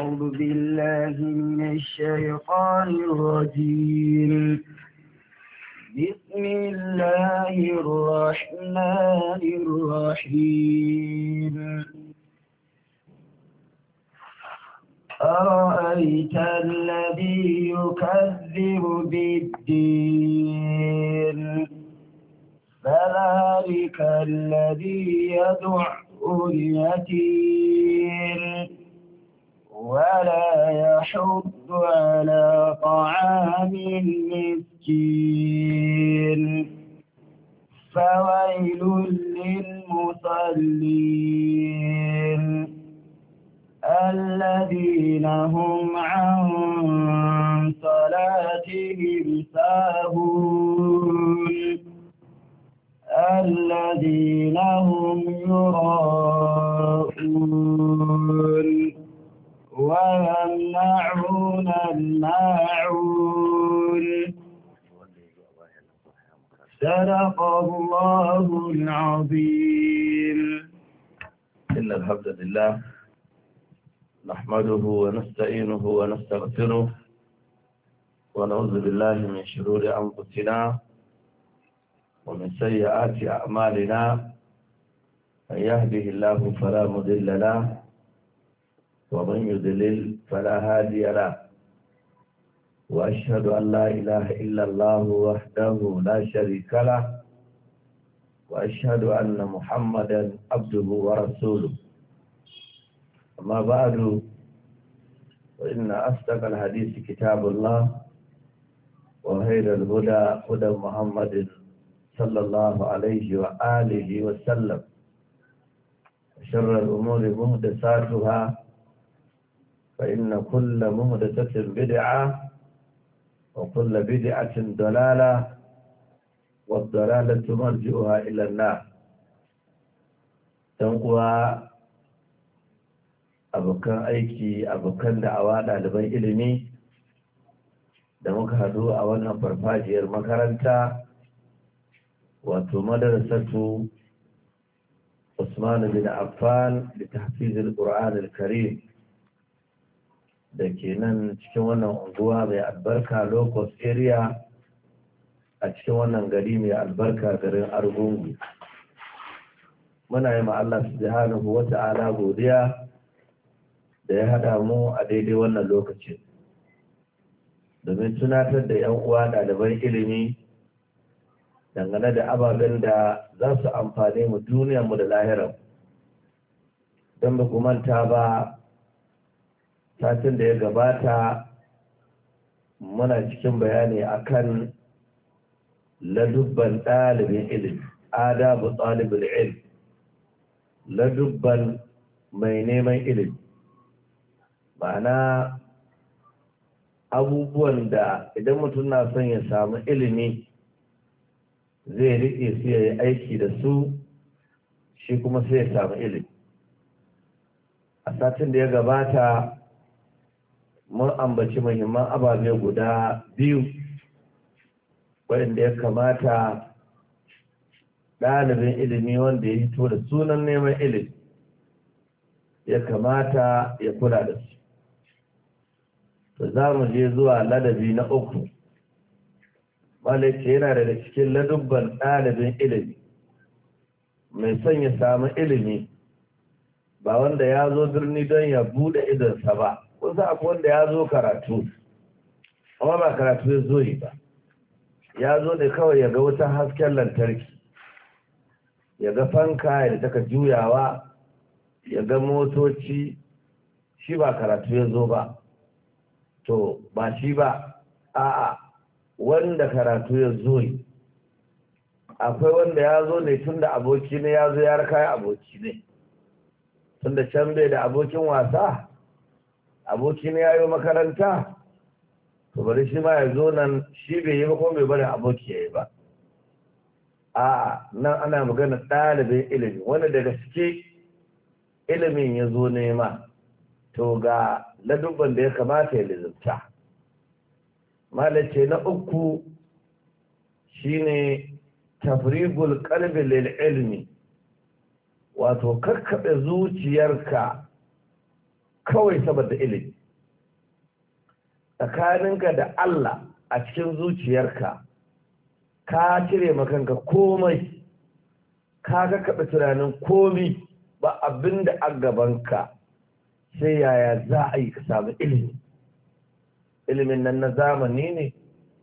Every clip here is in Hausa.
أعوذ بالله من الشيطان الرجيم بسم الله الرحمن الرحيم أرأيت الذي يكذب بالدين فذلك الذي يدع اليتيم ولا يحض على طعام المسكين فويل للمصلين الذين هم عن صلاتهم ساهون الذين هم يراءون ويمنعون الماعون صدق الله العظيم إن الحمد لله نحمده ونستعينه ونستغفره ونعوذ بالله من شرور أنفسنا ومن سيئات أعمالنا من يهده الله فلا مضل له ومن يدلل فلا هادي له وأشهد أن لا إله إلا الله وحده لا شريك له وأشهد أن محمدا عبده ورسوله أما بعد فإن أصدق الحديث كتاب الله وخير الهدى هدى محمد صلى الله عليه وآله وسلم وشر الأمور مهدساتها فإن كل مهدثة بدعة وكل بدعة ضلالة والضلالة مرجئها إلى النار تنقوى abokan aiki abokan da'awa ɗaliban ilimi da muka hadu a wannan farfajiyar makaranta wato madarasatu Usman bin Affan da tahfizul Qur'an karim da ke nan cikin wannan unguwa mai albarka locust area a cikin wannan gari mai albarka garin argungu muna yi Allah subhanahu wata ta'ala godiya da ya haɗa mu a daidai wannan lokacin domin tunatar da 'yan uwa ɗaliban ilimi dangane da ababen da za su amfani mu duniyarmu da lahirar don ba ku manta ba satin da ya gabata muna cikin bayani akan ladubban ɗalibin ilimi adabu ɗalibin ilimi ladubban mai neman ilimi ma'ana abubuwan da idan mutum na son ya samu ilimi zai riƙe su ya yi aiki da su shi kuma sai ya samu ilimi a satin da ya gabata mun ambaci muhimman ababe guda biyu waɗanda ya kamata ɗalibin ilimi wanda ya hito da sunan neman ilimi ya kamata ya kula da su to za mu je zuwa ladabi na uku malaka yana da cikin ladubban ɗalibin ilimi mai son ya samu ilimi ba wanda ya zo birni don ya buɗe idonsa ba kun sa akwai wanda ya zo karatu amma ba karatu ya zo yi ba ya zo ne kawai ya ga wutan hasken lantarki ya ga fanka ya taka juyawa ya ga motoci shi ba karatu ya zo ba to ba shi ba a'a wanda karatu ya zo yi akwai wanda ya zo ne tun da aboki ne ya zo ya raka aboki ne tun da can bai da abokin wasa aboki ne yayo makaranta to bari shi ma ya zo nan shi bai yi ko bai bari aboki yi ba a nan ana magana ɗalibin ilimi wanda daga suke ilimin ya zo nema to ga ladubban da ya kamata ya lizubta malace na uku shine tafrigul kalbi lil ilmi wato kakkaɓe zuciyarka kawai saboda ilimi tsakaninka da Allah a cikin zuciyarka ka cire makanka komai ka ga kaɓa tunanin komi ba abin da a gabanka sai yaya za a yi ka samu ilimi ilimin nan na zamani ne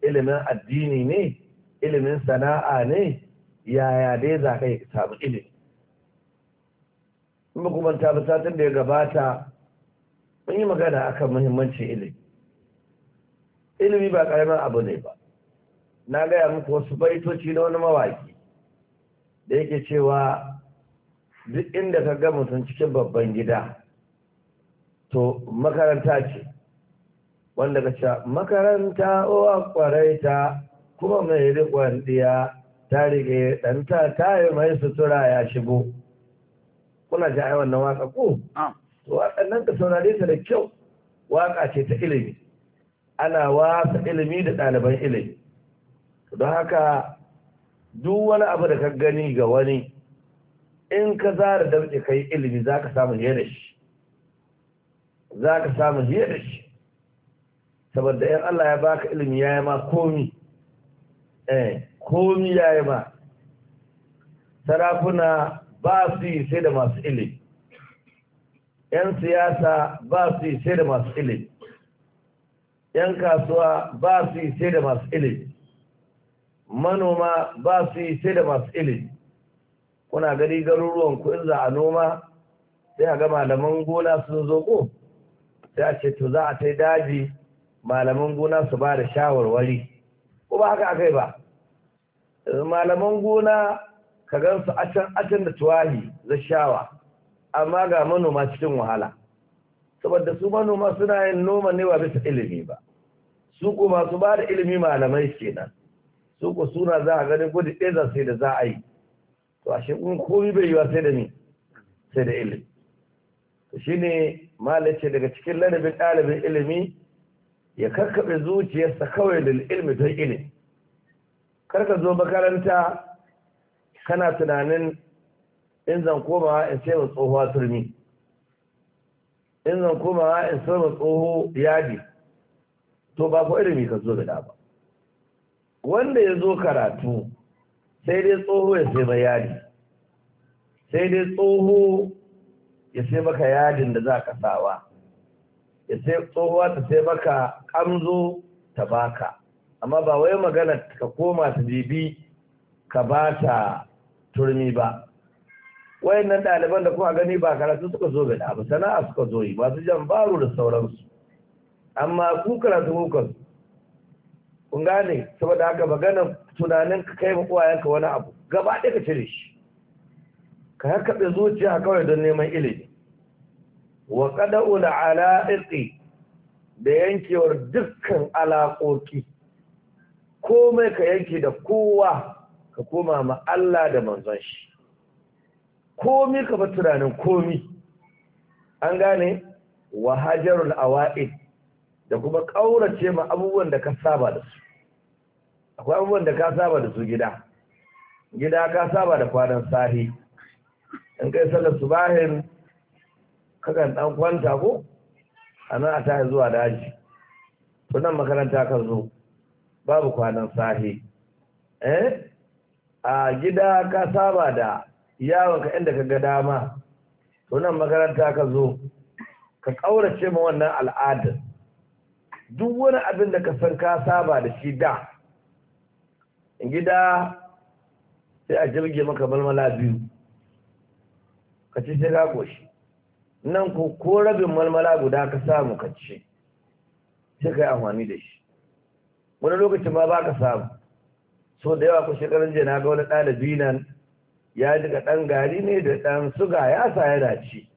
ilimin addini ne ilimin sana'a ne yaya dai za ka yi ka samu ilimi in ba kuma satin da ya gabata mun yi magana a kan muhimmancin ilimi ilimi ba ƙaramin abu ne ba na gaya muku wasu baitoci na wani mawaki da yake cewa duk inda ka ga mutum cikin babban gida to makaranta ce wanda ka ce makaranta kwarai ta kuma mai rikon ɗiya ta rike ɗanta ta yi mai sutura ya shigo kuna ji ai wannan waka ko waɗannan ka saurare ta da kyau waƙa ce ta ilimi ana wasa ilimi da ɗaliban ilimi don haka duk wani abu da ka gani ga wani in ka zara damɗe ka yi ilimi za ka samu hiyar shi za ka samu hiyar shi saboda yan Allah ya baka ilimi ya yi ma komi eh, komi ya yi ma sarafuna ba su yi sai da masu ilimi 'yan siyasa ba su yi sai da masu ilimi 'yan kasuwa ba su yi sai da masu ilimi manoma ba su yi sai da masu ilimi kuna gari garuruwan kuɗin za a noma sai a ga malaman gona sun zo ko sai a ce to za a tai daji malaman gona su ba da shawarwari ko ba haka akai ba malaman gona ka gan su a can da tuwahi za shawa amma ga manoma cikin wahala saboda su manoma suna yin noma ne wa bisa ilimi ba su ko masu ba da ilimi malamai kenan su ko suna za a gani gudu ɗaya sai da za a yi to a shi komi bai yiwa sai da ni sai da ilimi to shine malace daga cikin ladabin ɗalibin ilimi ya karkaɓe zuciyarsa kawai da ilimi don ilimi karka zo makaranta kana tunanin in zan koma in sai wa tsohuwa turmi in zan koma in sai wa tsoho yadi to ba ku irin ka zo da ba wanda ya zo karatu sai dai tsoho ya sai mai yadi sai dai tsoho ya sai maka yadin da za ka sawa ya sai tsohuwa ta sai maka kamzo ta baka amma ba wai magana ka koma ta bibi ka ba ta turmi ba wayannan ɗaliban da kuma gani ba karatu suka zo bida abu sana'a suka zo yi masu jan baro da sauransu amma ku karatu kuka kun gane saboda haka magana tunanin ka kai uwayenka wani abu gaba ɗaya ka cire shi ka hakaɓe zuciya kawai don neman ilimi wa ula ala irqi da yankewar dukkan alaƙoƙi komai ka yanke da kowa ka koma ma Allah da manzon shi komi ka bar tunanin komi an gane wa hajarul awa'id da kuma ƙaurace ma abubuwan da ka saba da su akwai abubuwan da ka saba da su gida gida ka saba da kwanan sahi in kai sallar subahin kakan dan kwanta ko a nan a tashi zuwa daji to nan makaranta ka zo babu kwanan sahi eh a gida ka saba da yawon ka inda ka ga dama to nan makaranta ka zo ka ƙaurace ma wannan al'adar duk wani abin da ka san ka saba da shi da gida sai a jirge maka malmala biyu ka ci sai ka shi nan ko ko rabin malmala guda ka samu ka ci sai ka yi amfani da shi wani lokacin ma ba ka samu so da yawa ku shekarun jana ga wani ɗalibi nan ya daga ɗan gari ne da ɗan suga ya sa yana ci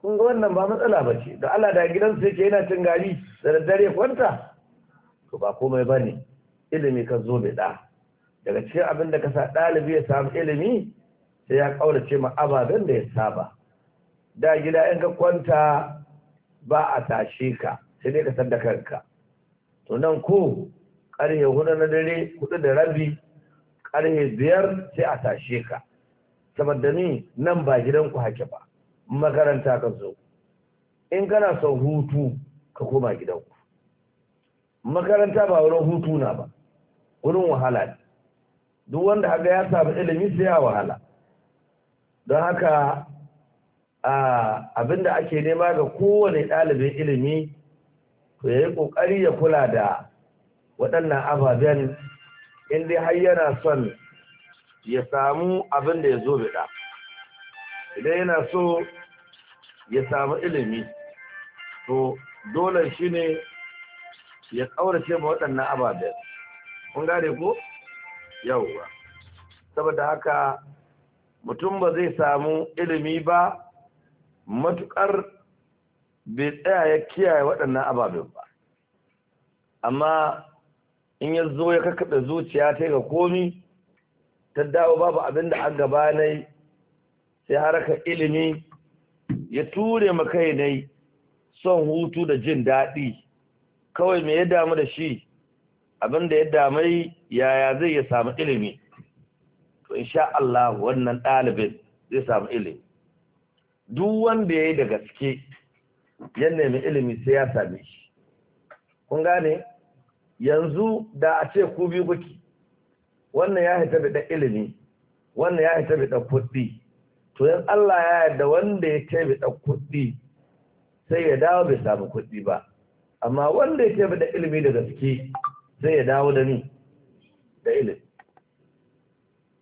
kun ga wannan ba matsala ba ce da Allah da gidansu yake yana cin gari da daddare kwanta to ba komai ba ne ilimi ka zo ɗa daga cikin abin da ka sa ɗalibi ya samu ilimi sai ya ƙaurace ma ababen da ya saba da gida in ka kwanta ba a tashe ka sai dai ka san da kanka to nan ko ƙarfe hudu na dare hudu da rabi ƙarfe biyar sai a tashe ka saboda ni nan ba gidanku hake ba makaranta ka zo in kana son hutu ka koma gidanku makaranta ba wurin hutu na ba wurin wahala ne duk wanda haka ya samu ilimi sai ya wahala don haka abinda ake nema ga kowane ɗalibin ilimi to ya yi ƙoƙari ya kula da waɗannan ababen in dai har yana son ya samu abin da ya zo bida idan yana so ya samu ilimi to dole shi ne ya ƙaurace ma waɗannan ababen kun gane ko yawwa saboda haka mutum ba zai samu ilimi ba matuƙar bai tsaya ya kiyaye waɗannan ababen ba amma in ya zo ya kakaɗa zuciya ta ga komi ta dawo babu abin da an gaba nai sai haraka ilimi ya ture makai kai nai son hutu da jin daɗi kawai me ya damu da shi abin da ya damai yaya zai ya samu ilimi to insha Allah wannan ɗalibin zai samu ilimi duk wanda ya yi da gaske ya nemi ilimi sai ya same shi kun gane yanzu da a ce ku biyu kuki wannan ya hita bi ilimi wannan ya hita bi kuɗi to yan Allah ya yarda wanda ya ce bi kuɗi sai ya dawo bai samu kuɗi ba amma wanda ya ce bi ilimi da gaske sai ya dawo da ni da ilimi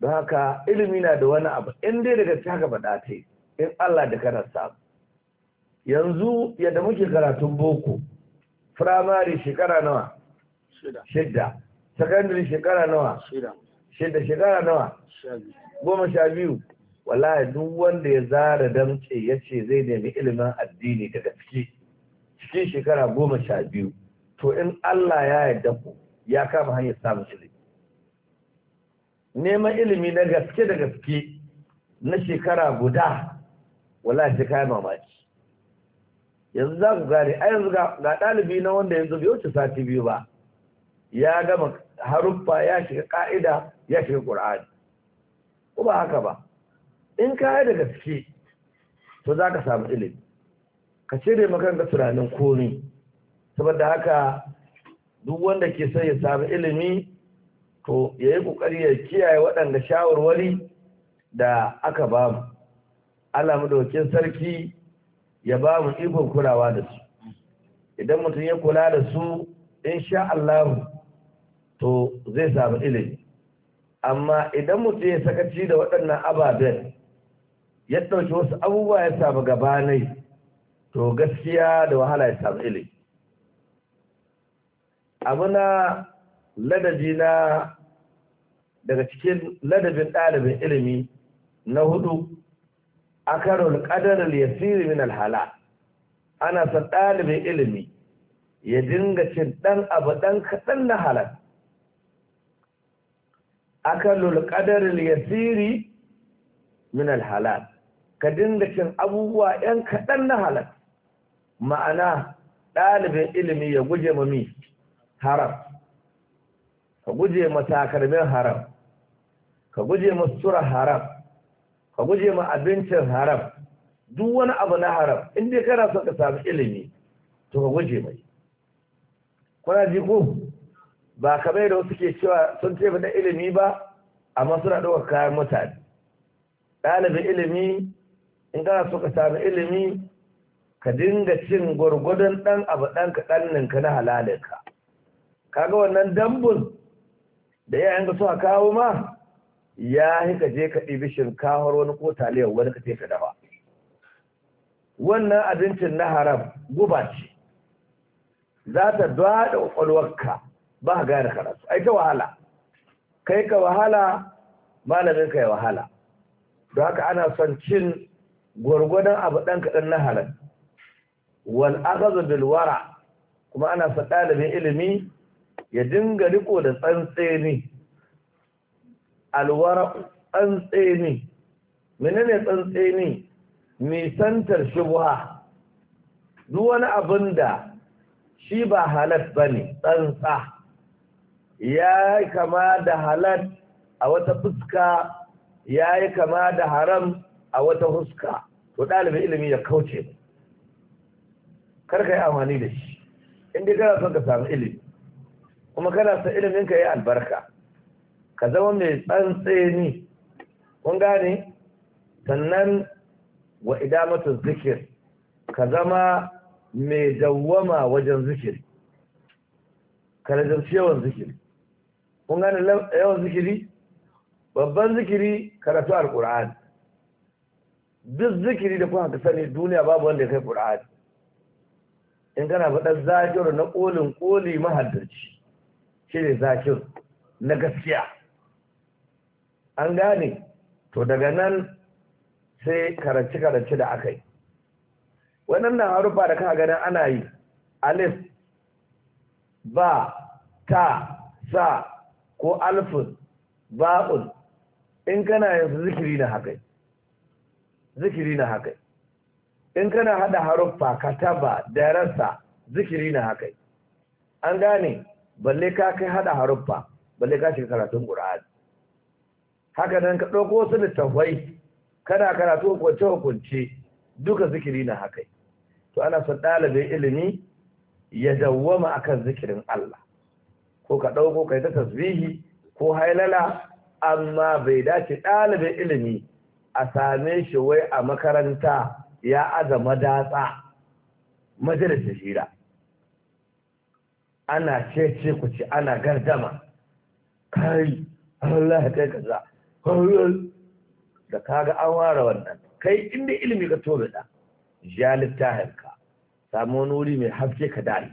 don haka ilimi na da wani abu in dai daga gaske haka faɗa ta in Allah da kana samu yanzu yadda muke karatun boko firamare shekara nawa shidda secondary shekara nawa shidda shekara nawa goma sha biyu wallahi duk wanda ya zara damce ya ce zai nemi ilimin addini daga ciki cikin shekara goma sha biyu to in Allah ya yarda ku ya kama hanyar samun ilimi neman ilimi na gaske da gaske na shekara guda wallahi sai kai mamaki yanzu za ku gane a yanzu ga ɗalibi na wanda yanzu bai wuce sati biyu ba ya gama haruffa ya shiga ka'ida ya shiga ƙur'ani ko ba haka ba in kayi da gaske to za ka samu ilimi ka cire makaranta tunanin komi saboda haka duk wanda ke son ya samu ilimi to ya yi ƙoƙari ya kiyaye waɗanda shawarwari da aka ba mu Allah madaukin sarki ya ba mu ikon kulawa da su idan mutum ya kula da su in sha allahu. to zai samu ilimi amma idan mutum ya sakaci da waɗannan ababen ya ɗauki wasu abubuwa ya samu gabanai to gaskiya da wahala ya samu ilimi abu na ladabi na daga cikin ladabin ɗalibin ilimi na hudu akarul ƙadarar yasiri min alhala ana son ɗalibin ilimi ya dinga cin ɗan abu ɗan kaɗan na halatta akalul qadaril yasiri min al halal ka dinga cin abubuwa yan kaɗan na halal ma'ana ɗalibin ilimi ya guje mi haram ka guje ma takalmin haram ka guje ma sura haram ka guje ma abincin haram duk wani abu na haram in dai kana so ka samu ilimi to ka guje mai kuna ji ko ba kamar da wasu ke cewa sun ce na ilimi ba amma suna ɗaukar kayan mutane ɗalibin ilimi in kana so ka sami ilimi ka dinga cin gwargwadon ɗan abu ɗan ka ninka na halalinka kaga wannan dambun da yayan ka suka kawo ma ya yi ka je ka ɗibi shinkawar wani ko taliyar wani ka ka dafa wannan abincin na haram guba ce za ta dwada ƙwaƙwalwarka ba gane karatu ai ta wahala kai ka wahala malamin ka ya wahala don haka ana son cin gwargwadon abu ɗan kaɗan na halal wal akhadhu bil wara kuma ana son ɗalibin ilimi ya dinga riko da tsantseni alwara tsantseni menene tsantseni nisantar shubha duk wani abin da shi ba halal bane tsantsa ya yi kama da halal a wata fuska ya yi kama da haram a wata fuska to ɗalibin ilimi ya kauce karka yi amfani da shi inda kana son ka samu ilimi kuma kana son ilimin ka yi albarka ka zama mai tsantseni kun gane sannan wa idamatu zikir ka zama mai dawwama wajen zikir ka rajabci yawan zikiri mun gane yawan zikiri babban zikiri karatu alkur'an duk zikiri da kuma ka sani duniya babu wanda ya kai kur'an in kana faɗar zakir na ƙolin ƙoli mahaddarci shi ne na gaskiya an gane to daga nan sai karance-karance da aka yi waɗannan harufa da ka ganin ana yi alif ba ta sa ko alfin ba'un in kana yanzu zikiri na haka zikiri na haka in kana hada haruffa kataba darasa zikiri na haka an gane balle ka kai hada haruffa balle ka shiga karatun qur'ani haka nan ka dauko da littafai kana karatu hukunce hukunce duka zikiri na haka to ana son ɗalibin ilimi ya dawwama akan zikirin Allah ko ka ɗauko kai ta tasbihi ko hailala amma bai dace ɗalibin ilimi a same shi wai a makaranta ya aza madatsa majalisar shira ana cece ku ce ana gardama kai Allah kai kaza da kaga an ware wannan kai inda ilimi ka tobe da ja ka samu wani wuri mai hafke ka dali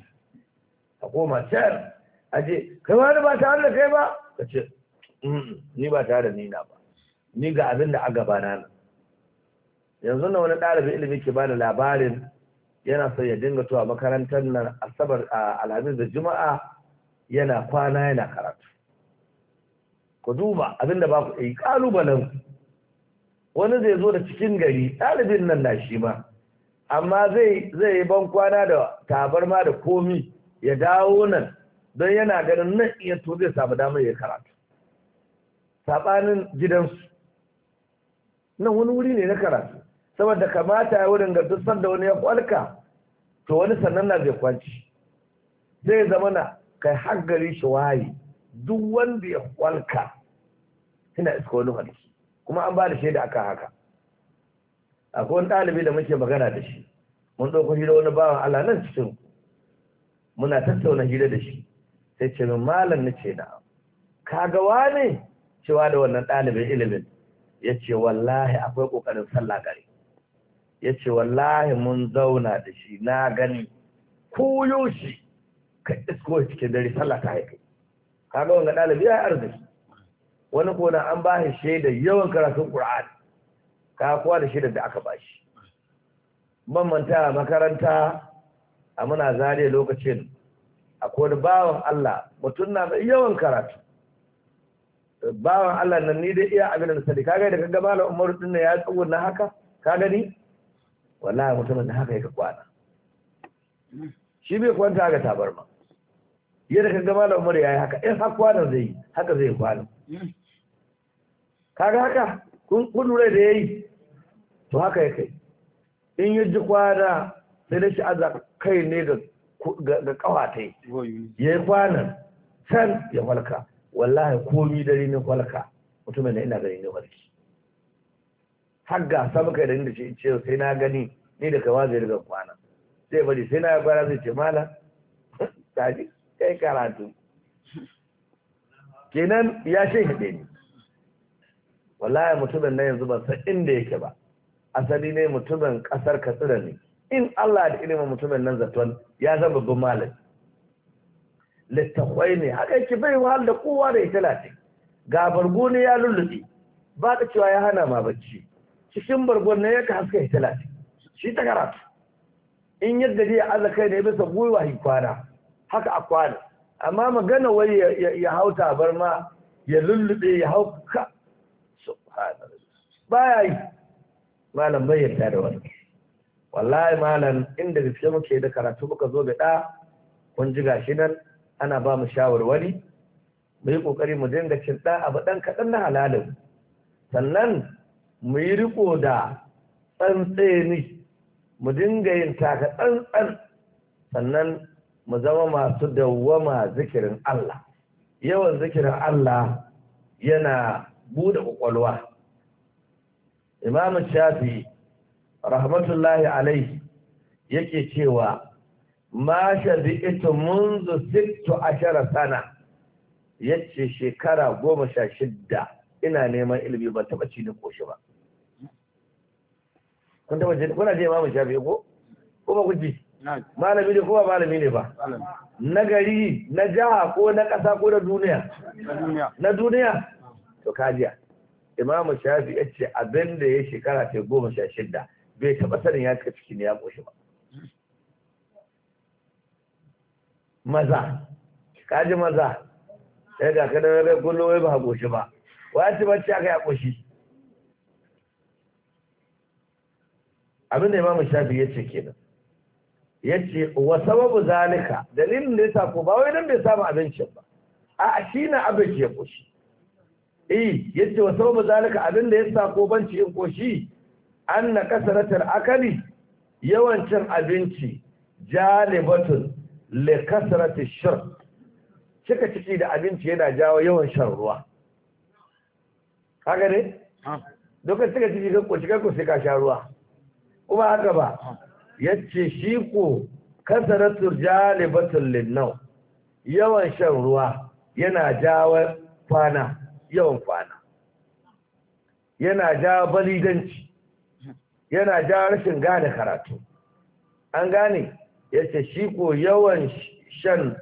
a koma can a ce kai wani ba tare da kai ba ka ce ni ba tare da ni na ba ni ga abin da a gabana na yanzu na wani ɗalibin ilimi ke bada labarin yana son ya dinga tuwa makarantar nan asabar alhamis da juma'a yana kwana yana karatu ku duba abin da ba ku yi eh, kalubalen wani zai zo da cikin gari ɗalibin nan na shi ma amma zai zai yi ban kwana da tabarma da komi ya dawo nan don yana ganin nan iya to zai samu damar ya karatu saɓanin gidansu nan wani wuri ne na karatu saboda kamata ya wurin ga sanda wani ya kwalka to wani sannan na zai kwanci zai zama na kai haggari shi duk wanda ya kwalka ina iska wani halki kuma an ba da shaida akan haka akwai wani ɗalibi da muke magana da shi mun ɗauko hira wani bawan Allah nan cikin muna tattauna hira da shi sai ce min malam na ce na kaga wane cewa da wannan ɗalibin ilimin ya ce wallahi akwai ƙoƙarin sallah gari ya ce wallahi mun zauna da shi na gani koyo shi ka isko cikin dare sallah ta haifi kaga wanga ɗalibi ya arziki wani kona an ba shi shaida yawan karatun ƙur'ani ka kuwa da shaidar da aka ba shi ban manta makaranta a muna zare lokacin akwai da bawan Allah mutum na da yawan karatu bawan Allah nan ni dai iya abin da sani kaga da kaga malam Umar din ya tsugun na haka ka gani wallahi mutumin da haka yake kwana shi bai kwanta ga tabarma yadda kaga malam Umar yayi haka in eh, har kwana zai haka zai kwana kaga haka kun kudure da yayi to haka yake in ya ji kwana sai da shi azza kai ne ga ga kawatai ya yi kwanan can ya falka wallahi komi dare ne falka mutumin da ina gani ne falki har gasa kai da inda ce ce sai na gani ni da kama zai riga kwana sai bari sai na kwana zai ce mala tafi kai karatu kenan ya ce hade ni wallahi mutumin na yanzu ban san inda yake ba asali ne mutumin kasar katsina ne in Allah da ilimin mutumin nan zaton ya zama babban malami littafai ne haka yake bai wahal da kowa da ita lati ga bargo ne ya lullube ba ka cewa ya hana ma bacci cikin bargon ne yaka haska ita lati shi ta karatu in yadda dai Allah kai ne bisa gwiwa hi kwana haka a kwana amma magana wai ya hauta bar ma ya lullube ya hauka subhanallah baya yi malam bai yarda da wani wallahi malam inda gaske muke da karatu muka zo da ɗa kun ji gashi nan ana ba mu shawarwari mu yi ƙoƙari mu dinga cin da abu ɗan kaɗan na halalin sannan mu yi riko da tsantseni mu dinga yin taka tsantsan sannan mu zama masu dawwama zikirin Allah yawan zikirin Allah yana buɗe ƙwaƙwalwa imamu shafi rahmatullahi alaihi yake cewa ma ita munzu sittu ashara sana yace shekara goma sha shidda ina neman ilimi ban taɓa ci da koshi ba kun taɓa ji kuna je mamu Shafi ko ko ba kuji malami ne ko ba malami ne ba na gari na jaha ko na ƙasa ko na duniya na duniya to kajiya imamu Shafi yace abin da ya shekara ta goma sha shidda bai taɓa sanin ya cika ciki ne ya ƙoshi ba maza kaji maza sai ga kada rai kullum wai ba ƙoshi ba wa ci bacci aka ya ƙoshi abinda imamu shafi ya ce kenan ya ce wa sababu zalika dalilin da ya sa ko ba wai nan bai samu abincin ba a shi na abin ya ƙoshi eh ya ce wa sababu zalika abin da ya sa ko banci in ƙoshi anna kasaratul akali yawan cin abinci jalibatun li kasaratul shirk cika ciki da abinci yana jawo yawan shan ruwa haka ne ah. dokar cika ciki kan ko cika ko sai ka sha ruwa kuma haka ba ah. yace shi ko kasaratul jalibatun linnau yawan shan ruwa yana jawo kwana yawan kwana yana jawo balidanci yana ja rashin gane karatu an gane ya ce shi ko yawan shan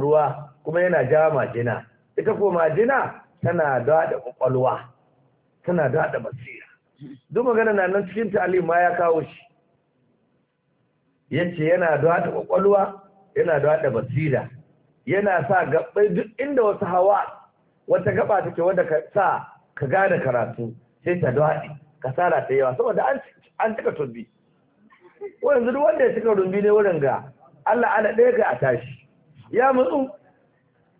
ruwa kuma yana ja majina ita ko majina tana da ƙwaƙwalwa, tana da basira duk magana na nan cikin ta'alim ma ya kawo shi yace yana da ƙwaƙwalwa, yana da basira yana sa gabbai duk inda wasu hawa wata gaba take wanda ka sa ka gane karatu sai ta daɗi kasara ta yawa saboda an cika tumbi yanzu duk wanda ya cika rumbi ne wurin ga Allah ana ɗaya ga a tashi ya matsu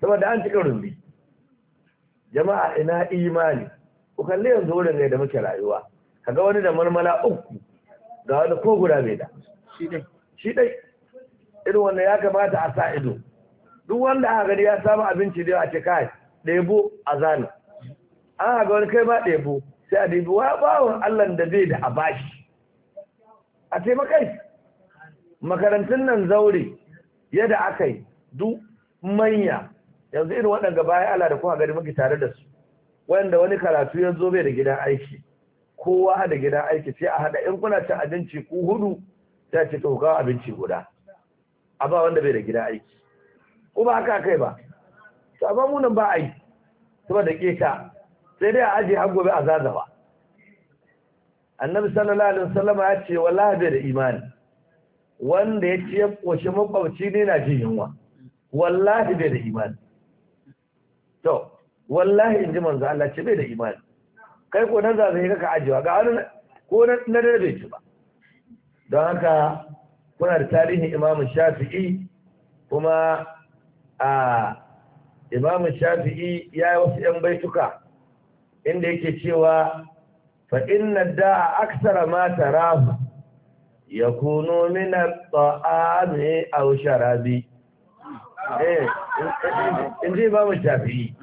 saboda an cika rumbi jama'a ina imani ku kalli yanzu wurin ne da muke rayuwa kaga wani da marmala uku ga wani ko guda mai da shi dai irin wanda ya kamata a sa ido duk wanda aka gani ya samu abinci da yawa ce kai ɗebo a zana an haga wani kai ma ɗebo sai a daidu wa bawon Allah da zai da a bashi a taimakai makarantun nan zaure yadda aka yi duk manya yanzu irin waɗanda baya Allah da kuma gari muke tare da su wanda wani karatu ya zo bai da gidan aiki kowa da gidan aiki sai a haɗa in kuna cin abinci ku hudu sai ce ka hukawa abinci guda a ba wanda bai da gidan aiki ko ba haka kai ba to amma ba a yi saboda keta sai dai a aji har gobe a zazaba annabi sallallahu alaihi wasallam ya ce wala bai da imani wanda ya ce ya koshi makwabci ne na jin yunwa wallahi bai da imani to wallahi in ji manzo Allah ce bai da imani kai ko nan zazai kaka ajiwa ga wani ko na dare bai ci ba don haka kuna da tarihin imamu shafi'i kuma a imamu shafi'i ya yi wasu 'yan baituka inda yake cewa fa inna da'a aksara ma tarahu yakunu min at-ta'ami aw sharabi eh inda ba mu shafi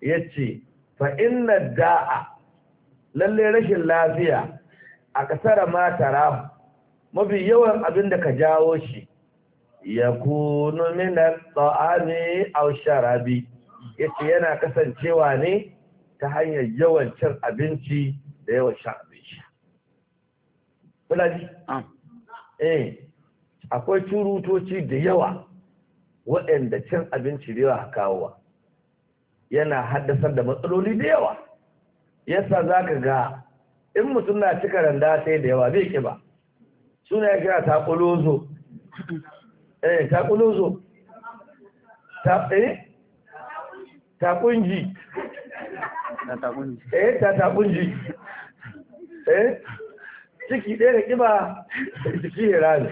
yace fa inna da'a lalle rashin lafiya aksara ma tarahu mafi yawan abin da ka jawo shi yakunu min at-ta'ami aw sharabi yace yana kasancewa ne ta hanyar yawan cin abinci da yawan shan abinci. Kuna ji? Eh, akwai turutoci da yawa waɗanda cin abinci da yawa kawowa yana haddasar da matsaloli da yawa. Yasa za ka ga in mutum na cika randa sai da yawa bai ba. Suna ya kira takulozo. Eh, takulozo. Ta, eh? Takunji. eh tatakunji eh ciki ɗaya da ƙiba ciki ya rami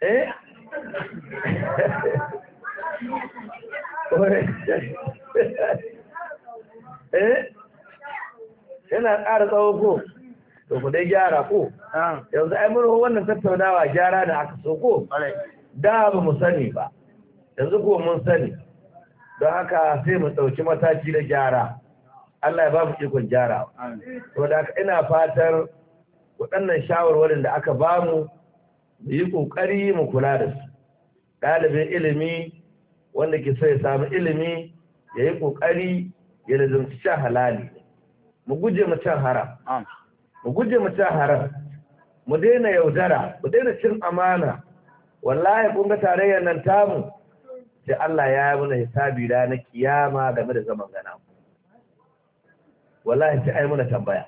eh eh yana ƙara tsawon ko to ku dai gyara ko ah. yanzu ai mun wannan tattaunawa gyara da aka so ko da ba mu sani ba yanzu ko mun sani don haka sai mu ɗauki mataki da gyara Allah ya ba mu ikon gyara to da ina fatar waɗannan shawarwarin da aka ba mu mu yi ƙoƙari mu kula da su ɗalibin ilimi wanda ke so ya samu ilimi ya yi ƙoƙari ya lazumci shan halali mu guje mu can haram mu guje mu cin haram mu daina yaudara mu daina cin amana wallahi kun ga tarayyar nan tamu sai Allah ya yi mana hisabi na kiyama game da zaman gana wallahi sai ai mana tambaya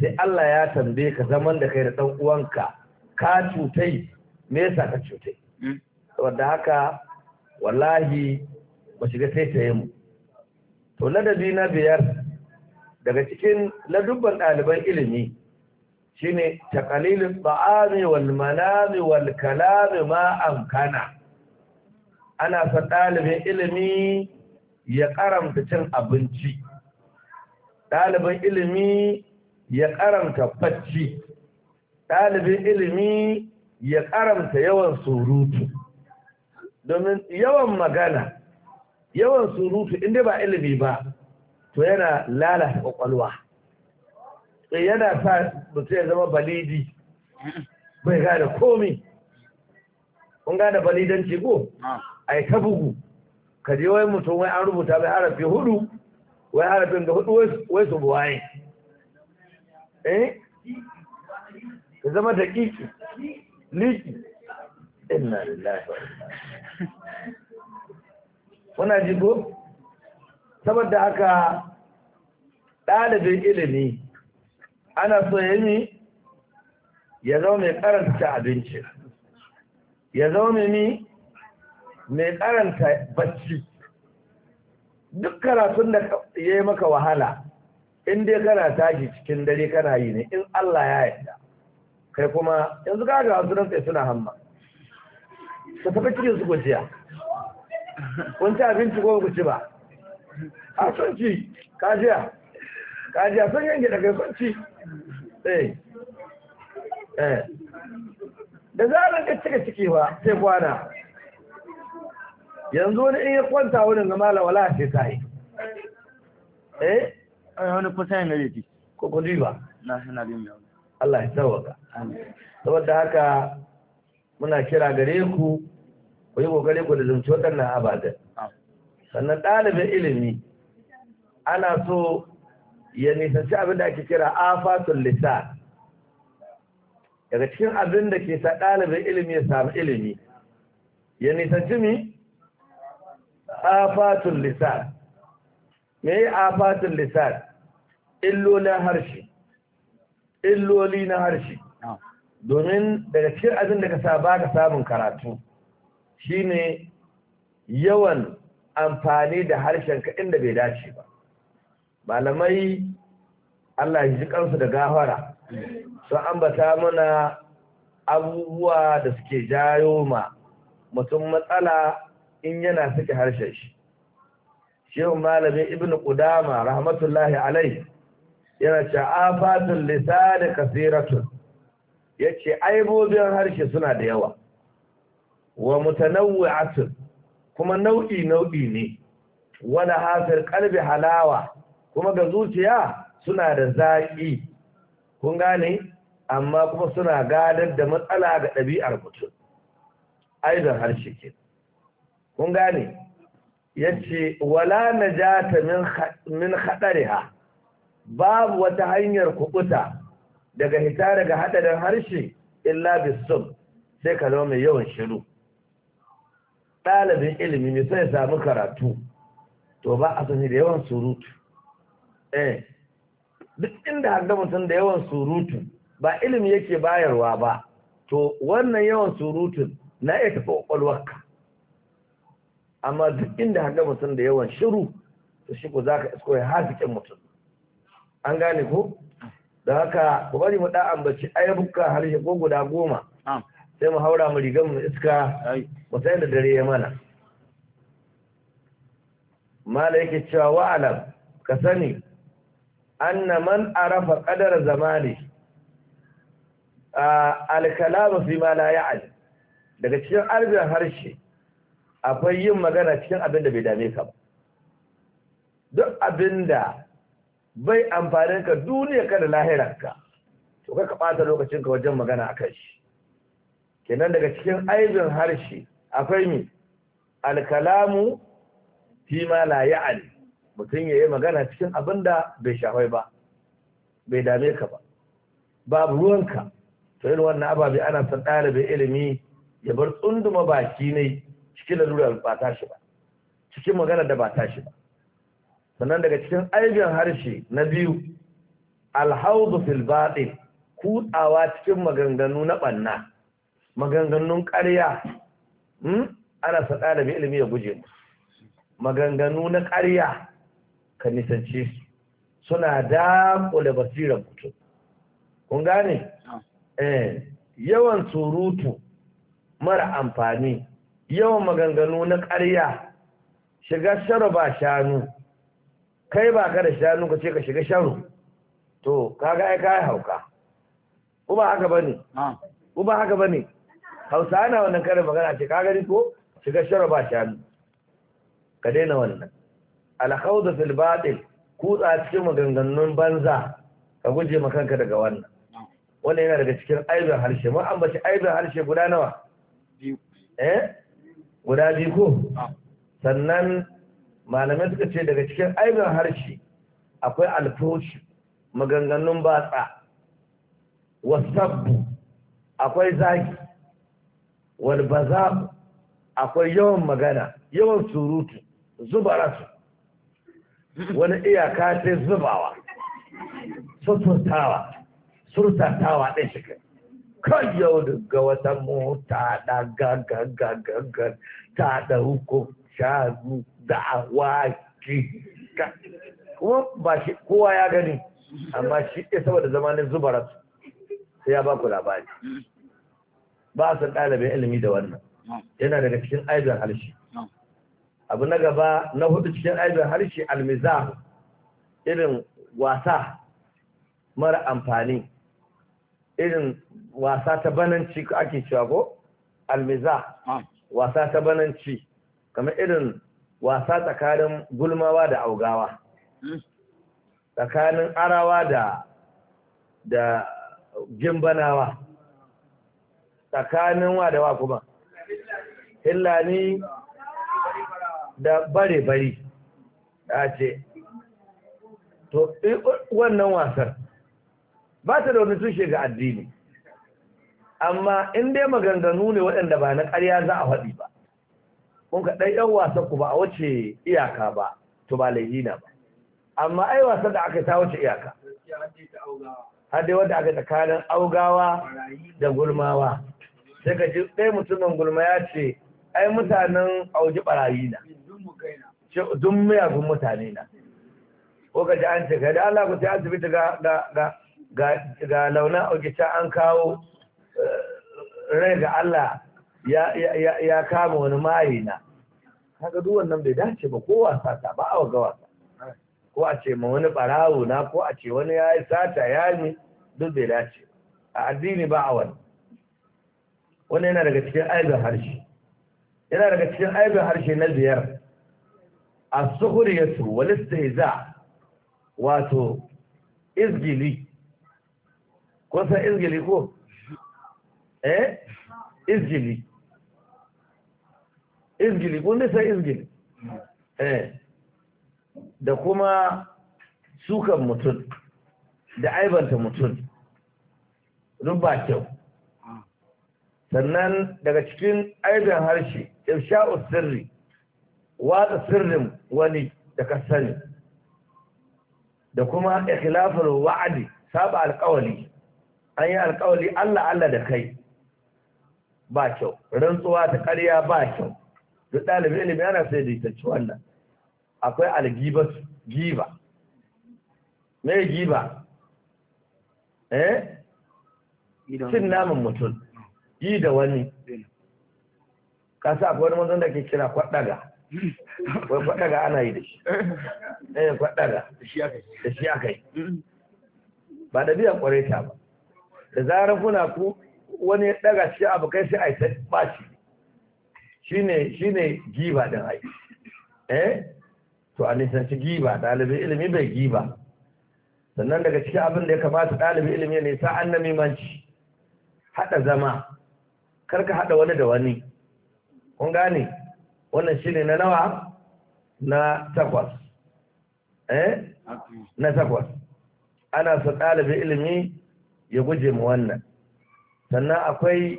sai Allah ya tambaye ka zaman da kai da dan uwanka ka cutai me yasa ka cutai hmm. saboda haka wallahi ba shiga sai ta mu to ladabi na biyar daga cikin ladubban ɗaliban ilimi shine taqalilul ba'ami wal manami wal kalami ma amkana ana sa ɗalibin ilimi ya karanta cin abinci ɗalibin ilimi ya karanta facci ɗalibin ilimi ya karanta yawan surutu domin yawan magana yawan surutu inda ba ilimi ba to yana lalata kwakwalwa eh, yana sa mutum ya zama balidi bai gane komi kun gane balidanci ko ai ta bugu ka je wai mutum wai an rubuta mai harafi hudu wai harafin ga hudu wai su buwaye eh ka zama da kiki liki inna lillahi wana ji ko saboda haka ɗalibin ilimi ana so ya yi ya zama mai karanta abinci ya zama mai mai karanta bacci duk karatun da ya yi maka wahala in dai kana tashi cikin dare kana yi ne in Allah ya yadda. kai kuma yanzu ka ga wasu nan suna hamma ka tafi cikin su gujiya kun ci abinci ko ku ci ba a sun ci kajiya kajiya sun yanke da sun ci eh eh da zaran ka cika ciki ba sai kwana yanzu wani in ya kwanta wani ga mala wala sai ka yi eh ai wani kusa yana da ko ko diba na sana bin Allah ya tsawaka saboda haka muna kira gare ku ku yi kokari ku da zance waɗannan abadan sannan ɗalibin ilimi ana so ya nisanci abin da ake kira afatun lisan daga cikin abin da ke sa ɗalibin ilimi ya samu ilimi ya nisanci mi afatun lisan me yi afatun lisan illolin harshe illoli na harshe domin daga cikin abin da ka saba ka samun karatu shine yawan amfani da harshen ka inda bai dace ba malamai Allah ya ji kansu da gafara sun ambata mana abubuwa da suke jayo ma mutum matsala in yana sake harshen shi shehu malamin ibn qudama rahmatullahi alai yana ce afatul lisan kasiratun yace aibobin harshe suna da yawa wa mutanawwi'atun kuma nau'i nau'i ne wala hasar kalbi halawa kuma ga zuciya suna da zaki kun gane amma kuma suna gadar da matsala ga ɗabi'ar mutum aidan harshe kenan kun gane yace wala najata min min ha, babu wata hanyar kubuta daga hita daga hadarin harshe illa bisum sai ka zama mai yawan shiru ɗalibin ilimi ne sai samu karatu to ba a sani da yawan surutu eh duk inda har mutum da yawan surutu ba ilimi yake bayarwa ba to wannan yawan surutun na iya tafi ƙwaƙwalwarka amma duk inda haka mutum da yawan shiru to shi ko zaka isko ya hafikin mutum an gane ko da haka ku bari mu da ambaci har harshe ko guda goma sai mu haura mu rigan mu iska mu sai da dare ya mana mala yake cewa alam ka sani anna man arafa qadar zamani al-kalam fi ma la ya'lam daga cikin arzin harshe akwai yin magana cikin abin da bai dame ka ba duk abin da bai amfanin ka duniya ka da lahirarka to kai ka ɓata lokacin ka wajen magana a kan shi kenan daga cikin aibin harshe akwai mi alkalamu fi ma la mutum ya yi magana cikin abin da bai shafai ba bai dame ka ba babu ruwanka to yin wannan ababe ana son ɗalibin ilimi ya bar tsunduma baki ne cikin lalurar ba ta shi ba cikin magana da ba ta shi ba sannan daga cikin aibin harshe na biyu alhaudu fil batil kutsawa cikin maganganu na banna maganganun ƙarya hmm? ana da ɗalibi ilimi ya guje mu maganganu na ƙarya ka nisance Suna suna da basirar mutum kun gane eh, yawan surutu mara amfani yawan maganganu na ƙarya shiga sharo ba shanu kai ba ka da shanu ka ce ka shiga sharo to kaga ai kai hauka uba haka bane uba haka bane hausa na wannan karin magana ce kaga ni ko shiga sharo ba shanu ka daina wannan alkhawd fil batil kutsa cikin maganganun banza ka guje ma kanka daga wannan wannan yana daga cikin aibin harshe mun ambaci aibin harshe guda nawa eh guda biyu ko ah. sannan malamai suka ce daga cikin aibin harshe akwai alfoshi maganganun batsa wasabbu akwai zaki baza akwai yawan magana yawan surutu zubarasu. wani iyaka sai zubawa suturtawa surtatawa ɗin shi kai kai yau daga wata mota da gagagagagar ta da ɗauko shazu da awaki kuma ba shi kowa ya gani amma shi ɗaya saboda zamanin zubara sai ya ba ku labari ba san ɗalibin ilimi da wannan yana daga cikin aibin harshe abu na gaba na hudu cikin aibin harshe almiza irin wasa mara amfani irin wasa ta bananci ake cewa ko almiza wasa ta bananci kamar irin wasa tsakanin gulmawa da augawa hmm. tsakanin arawa da da gimbanawa tsakanin wa da wa kuma hillani da bare-bari Ya ce to wannan wasan ba ta da wani tushe ga addini amma in dai maganganu ne waɗanda ba na ƙarya za a faɗi ba kun ka ɗan yan wasan ku ba a wace iyaka ba to ba laihina ba amma ai wasan da aka ta wace iyaka har dai wanda aka tsakanin augawa da gulmawa sai ka ji ɗaya mutumin gulma ya ce ai mutanen auji barayi na dun miyagun mutane na ko ka ji an ce ka yi da Allah ku sai asibiti ga ga launa ogita an kawo eh, rai ga Allah ya kama wani na haka duk wannan bai dace ba ko wasa ta ba a ga wasa ko a ce ma wani barawo na ko a ce wani ya yi sata ya yi duk bai dace a addini ba a wani wani yana daga cikin aibin harshe yana daga cikin aibin harshe na biyar a ya wal za, wato izgili kun san izgili ko eh izgili izgili kun nisa izgili eh da kuma sukan mutum da aibanta mutum duk kyau sannan daga cikin aibin harshe irsha'u sirri watsa sirrin wani da ka sani da kuma ikhlafar wa'adi saba alkawali an yi alkawali Allah Allah da kai ba kyau rantsuwa ta ƙarya ba kyau duk ɗalibin ilimi ana sai da ita ci wannan akwai algibas giba me giba eh cin naman mutum yi da wani kasa akwai wani mazan da ke kira kwaɗaga wai kwaɗaga ana yi da shi ɗaya eh, kwaɗaga da shi aka yi ba da biyan ƙwarai ta ba da zarar kuna ku wani daga shi abu kai sai a yi ta ne shine ne giba din ai eh to a nisanci giba ɗalibin ilimi bai giba sannan daga cikin abin da ya kamata ɗalibin ilimi ne sa an na mimanci haɗa zama karka haɗa wani da wani kun gane wannan shine na nawa na takwas eh na takwas ana so ɗalibin ilimi ya guje mu wannan sannan akwai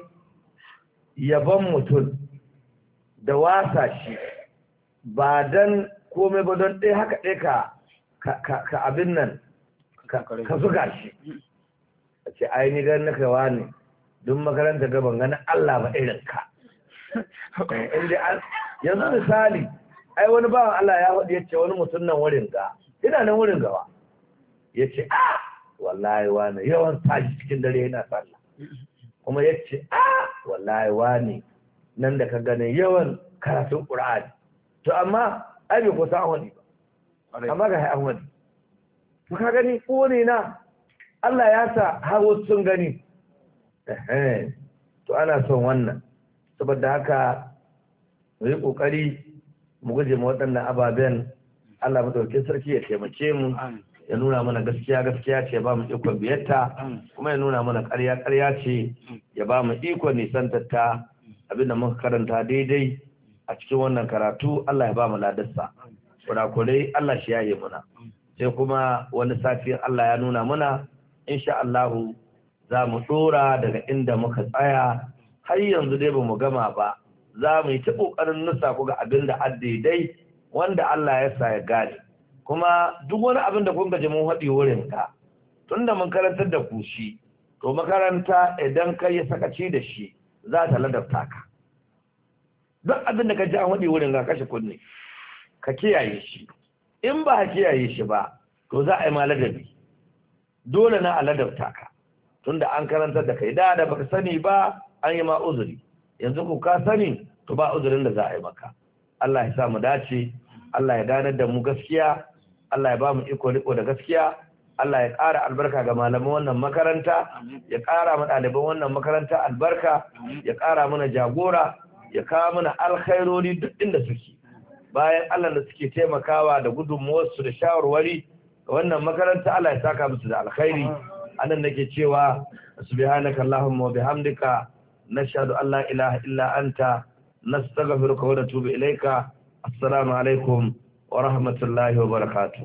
yabon mutum da wasa shi ba don komai ba don ɗaya haka ɗaya ka abin nan ka zuga shi a ce aini gan na kawa ne don makaranta gaban ganin Allah ba irin ka eh, yanzu misali ai wani bawan Allah ya haɗu ya ce wani mutum nan wurin ga ina nan wurin gawa ya ce a ah, wallahi wani yawan tashi cikin dare yana sallah kuma ya ce a wallahi wani nan da ka gani yawan karatun ƙur'ani to amma ai bai kusa wani ba amma ga hai ahmadi to ka gani ƙone na Allah ya sa har wasu sun gani to ana son wannan saboda haka mu yi ƙoƙari mu guje ma waɗannan ababen Allah mu ɗauke sarki ya taimake mu ya nuna mana gaskiya gaskiya ce ya ba mu ikon biyarta kuma ya nuna mana karya karya ce ya ba mu ikon nisantar ta abinda muka karanta daidai a cikin wannan karatu Allah ya ba mu ladarsa kurakurai Allah shi yaye muna sai kuma wani safi Allah ya nuna mana insha Allahu za mu tsora daga inda muka tsaya har yanzu dai ba mu gama ba za mu yi ta ƙoƙarin nusa ku ga abinda daidai wanda Allah ya sa ya gane kuma duk wani abin da kun gaji mun haɗi wurin ka tunda mun karantar da ku to makaranta idan ka yi sakaci da shi za ta ladabta ka duk abin da ka ji an haɗi wurin ka kashe kunne ka kiyaye shi in ba ka kiyaye shi ba to za a yi ma ladabi dole na a ladabta ka tunda an karantar da kai da da baka sani ba an yi ma uzuri yanzu ku ka sani to ba uzurin da za a yi maka Allah ya sa mu dace Allah ya danar da mu gaskiya Allah ya ba mu iko riko da gaskiya Allah ya ƙara albarka ga malaman wannan makaranta ya ƙara mu ɗaliban wannan makaranta albarka ya ƙara mana jagora ya kawo mana alkhairori duk inda suke bayan Allah da suke taimakawa da su da shawarwari ga wannan makaranta Allah ya saka musu da alkhairi anan nake cewa subhanaka allahumma wa bihamdika nashhadu an la ilaha illa anta nastaghfiruka wa natubu ilaika assalamu alaikum wa rahmatullahi wa barakatu.